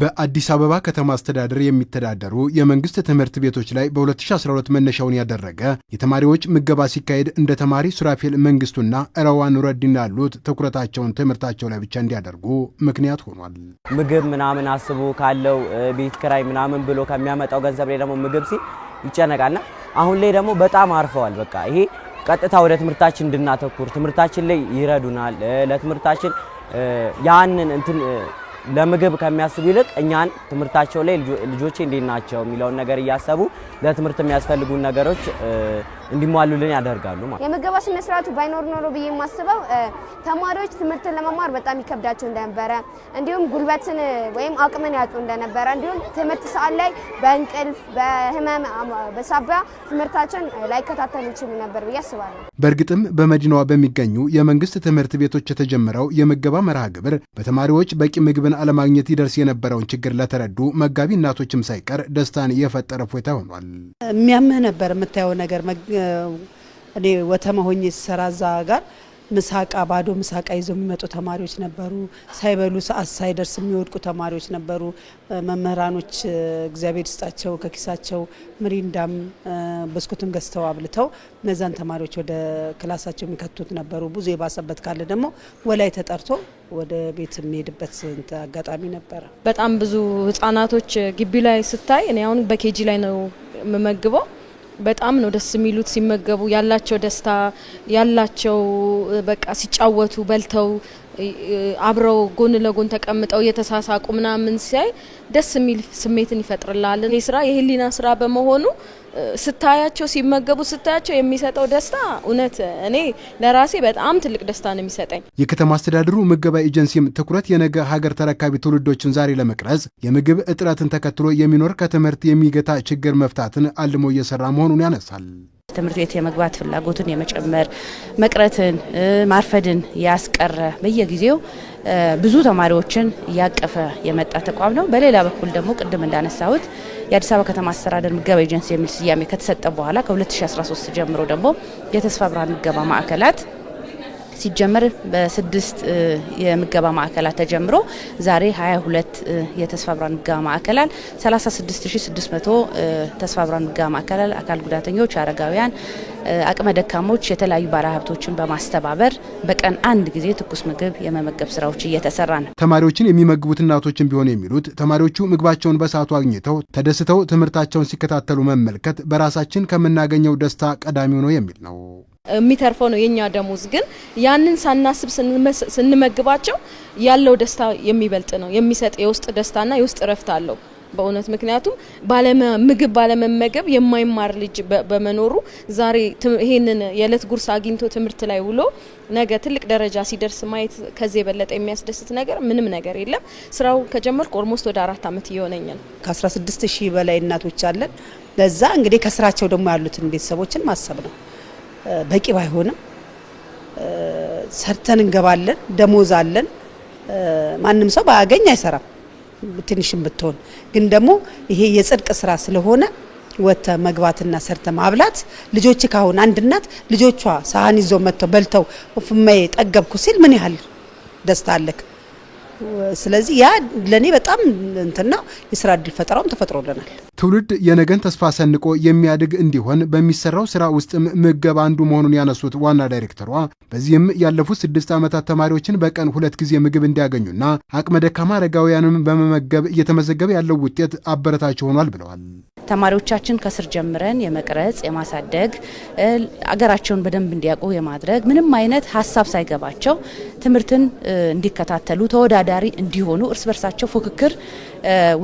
በአዲስ አበባ ከተማ አስተዳደር የሚተዳደሩ የመንግስት ትምህርት ቤቶች ላይ በ2012 መነሻውን ያደረገ የተማሪዎች ምገባ ሲካሄድ እንደ ተማሪ ሱራፌል መንግስቱና ረዋ ኑረዲን ያሉት ትኩረታቸውን ትምህርታቸው ላይ ብቻ እንዲያደርጉ ምክንያት ሆኗል። ምግብ ምናምን አስቦ ካለው ቤት ክራይ ምናምን ብሎ ከሚያመጣው ገንዘብ ላይ ደግሞ ምግብ ሲል ይጨነቃልና አሁን ላይ ደግሞ በጣም አርፈዋል። በቃ ይሄ ቀጥታ ወደ ትምህርታችን እንድናተኩር ትምህርታችን ላይ ይረዱናል። ለትምህርታችን ያንን እንትን ለምግብ ከሚያስቡ ይልቅ እኛን ትምህርታቸው ላይ ልጆቼ እንዴት ናቸው የሚለውን ነገር እያሰቡ ለትምህርት የሚያስፈልጉን ነገሮች እንዲሟሉልን ያደርጋሉ ማለት። የምገባ ስነ ስርዓቱ ባይኖር ኖሮ ብዬ የማስበው ተማሪዎች ትምህርትን ለመማር በጣም ይከብዳቸው እንደነበረ፣ እንዲሁም ጉልበትን ወይም አቅምን ያጡ እንደነበረ፣ እንዲሁም ትምህርት ሰዓት ላይ በእንቅልፍ በህመም በሳቢያ ትምህርታቸውን ላይከታተሉ ይችሉ ነበር ብዬ አስባለሁ። በእርግጥም በመዲናዋ በሚገኙ የመንግስት ትምህርት ቤቶች የተጀመረው የምገባ መርሃ ግብር በተማሪዎች በቂ ምግብን አለማግኘት ይደርስ የነበረውን ችግር ለተረዱ መጋቢ እናቶችም ሳይቀር ደስታን የፈጠረ ፎይታ ሆኗል። የሚያምህ ነበር የምታየው ነገር እኔ ወተማ ሆኜ ስሰራ እዛ ጋር ምሳቃ ባዶ ምሳቃ ይዘው የሚመጡ ተማሪዎች ነበሩ። ሳይበሉ ሰዓት ሳይደርስ የሚወድቁ ተማሪዎች ነበሩ። መምህራኖች እግዚአብሔር ይስጣቸው ከኪሳቸው ምሪንዳም ብስኩትም ገዝተው አብልተው እነዛን ተማሪዎች ወደ ክላሳቸው የሚከቱት ነበሩ። ብዙ የባሰበት ካለ ደግሞ ወላይ ተጠርቶ ወደ ቤት የሚሄድበት አጋጣሚ ነበረ። በጣም ብዙ ህጻናቶች ግቢ ላይ ስታይ እኔ አሁን በኬጂ ላይ ነው የምመግበው በጣም ነው ደስ የሚሉት ሲመገቡ ያላቸው ደስታ ያላቸው በቃ ሲጫወቱ በልተው አብረው ጎን ለጎን ተቀምጠው የተሳሳቁ ምናምን ሲያይ ደስ የሚል ስሜትን ይፈጥርላል። ይህ ስራ የህሊና ስራ በመሆኑ ስታያቸው፣ ሲመገቡ ስታያቸው የሚሰጠው ደስታ እውነት እኔ ለራሴ በጣም ትልቅ ደስታ ነው የሚሰጠኝ። የከተማ አስተዳደሩ ምገባ ኤጀንሲም ትኩረት የነገ ሀገር ተረካቢ ትውልዶችን ዛሬ ለመቅረጽ የምግብ እጥረትን ተከትሎ የሚኖር ከትምህርት የሚገታ ችግር መፍታትን አልሞ እየሰራ መሆኑን ያነሳል። ትምህርት ቤት የመግባት ፍላጎትን የመጨመር መቅረትን፣ ማርፈድን ያስቀረ በየጊዜው ብዙ ተማሪዎችን እያቀፈ የመጣ ተቋም ነው። በሌላ በኩል ደግሞ ቅድም እንዳነሳሁት የአዲስ አበባ ከተማ አስተዳደር ምገባ ኤጀንሲ የሚል ስያሜ ከተሰጠ በኋላ ከ2013 ጀምሮ ደግሞ የተስፋ ብርሃን ምገባ ማዕከላት ሲጀመር በስድስት የምገባ ማዕከላት ተጀምሮ ዛሬ 22 የተስፋ ብርሃን ምገባ ማዕከላት 36600 ተስፋ ብርሃን ምገባ ማዕከላል አካል ጉዳተኞች፣ አረጋውያን፣ አቅመ ደካሞች የተለያዩ ባለሀብቶችን በማስተባበር በቀን አንድ ጊዜ ትኩስ ምግብ የመመገብ ስራዎች እየተሰራ ነው። ተማሪዎችን የሚመግቡት እናቶችን ቢሆን የሚሉት ተማሪዎቹ ምግባቸውን በሰዓቱ አግኝተው ተደስተው ትምህርታቸውን ሲከታተሉ መመልከት በራሳችን ከምናገኘው ደስታ ቀዳሚው ነው የሚል ነው። የሚተርፈው ነው የኛ ደሞዝ። ግን ያንን ሳናስብ ስንመግባቸው ያለው ደስታ የሚበልጥ ነው የሚሰጥ የውስጥ ደስታና የውስጥ እረፍት አለው በእውነት ምክንያቱም ምግብ ባለመመገብ የማይማር ልጅ በመኖሩ ዛሬ ይህንን የዕለት ጉርስ አግኝቶ ትምህርት ላይ ውሎ ነገ ትልቅ ደረጃ ሲደርስ ማየት ከዚህ የበለጠ የሚያስደስት ነገር ምንም ነገር የለም። ስራው ከጀመርኩ ኦልሞስት ወደ አራት ዓመት እየሆነኝ ነው። ከ16 ሺህ በላይ እናቶች አለን። ለዛ እንግዲህ ከስራቸው ደግሞ ያሉትን ቤተሰቦችን ማሰብ ነው። በቂ ባይሆንም ሰርተን እንገባለን። ደሞዝ አለን። ማንም ሰው ባያገኝ አይሰራም። ትንሽም ብትሆን ግን ደግሞ ይሄ የጽድቅ ስራ ስለሆነ ወጥተ መግባትና ሰርተ ማብላት ልጆች ካሁን አንድ እናት ልጆቿ ሳህን ይዞ መጥተው በልተው ፍመዬ ጠገብኩ ሲል ምን ያህል ደስታ አለክ። ስለዚህ ያ ለእኔ በጣም እንትና የስራ እድል ፈጠራውም ተፈጥሮልናል። ትውልድ የነገን ተስፋ ሰንቆ የሚያድግ እንዲሆን በሚሰራው ስራ ውስጥም ምገብ አንዱ መሆኑን ያነሱት ዋና ዳይሬክተሯ በዚህም ያለፉት ስድስት ዓመታት ተማሪዎችን በቀን ሁለት ጊዜ ምግብ እንዲያገኙና አቅመ ደካማ አረጋውያንም በመመገብ እየተመዘገበ ያለው ውጤት አበረታች ሆኗል ብለዋል። ተማሪዎቻችን ከስር ጀምረን የመቅረጽ የማሳደግ አገራቸውን በደንብ እንዲያውቁ የማድረግ ምንም አይነት ሀሳብ ሳይገባቸው ትምህርትን እንዲከታተሉ ተወዳዳሪ እንዲሆኑ እርስ በርሳቸው ፉክክር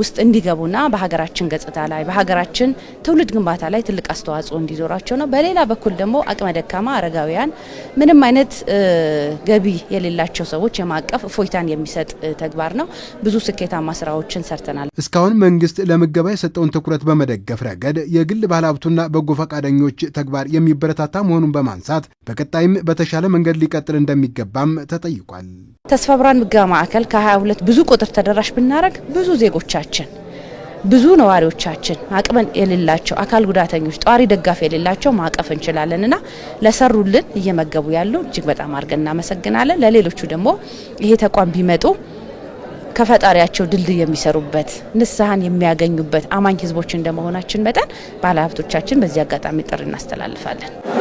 ውስጥ እንዲገቡና በሀገራችን ገጽታ ላይ በሀገራችን ትውልድ ግንባታ ላይ ትልቅ አስተዋጽኦ እንዲኖራቸው ነው። በሌላ በኩል ደግሞ አቅመ ደካማ አረጋውያን፣ ምንም አይነት ገቢ የሌላቸው ሰዎች የማቀፍ እፎይታን የሚሰጥ ተግባር ነው። ብዙ ስኬታማ ስራዎችን ሰርተናል። እስካሁን መንግስት ለምገባ የሰጠውን ትኩረት በመደገፍ ረገድ የግል ባለ ሀብቱና በጎ ፈቃደኞች ተግባር የሚበረታታ መሆኑን በማንሳት በቀጣይም በተሻለ መንገድ ሊቀጥል እንደሚገባም ተጠይቋል። ተስፋ ብርሃን ምገባ ማዕከል ከ22 ብዙ ቁጥር ተደራሽ ብናደረግ ብዙ ዜጎቻችን ብዙ ነዋሪዎቻችን አቅመን የሌላቸው አካል ጉዳተኞች ጧሪ ደጋፊ የሌላቸው ማቀፍ እንችላለን እና ለሰሩልን እየመገቡ ያሉ እጅግ በጣም አድርገን እናመሰግናለን። ለሌሎቹ ደግሞ ይሄ ተቋም ቢመጡ ከፈጣሪያቸው ድልድይ የሚሰሩበት ንስሐን የሚያገኙበት አማኝ ህዝቦች እንደመሆናችን መጠን ባለሀብቶቻችን በዚህ አጋጣሚ ጥሪ እናስተላልፋለን።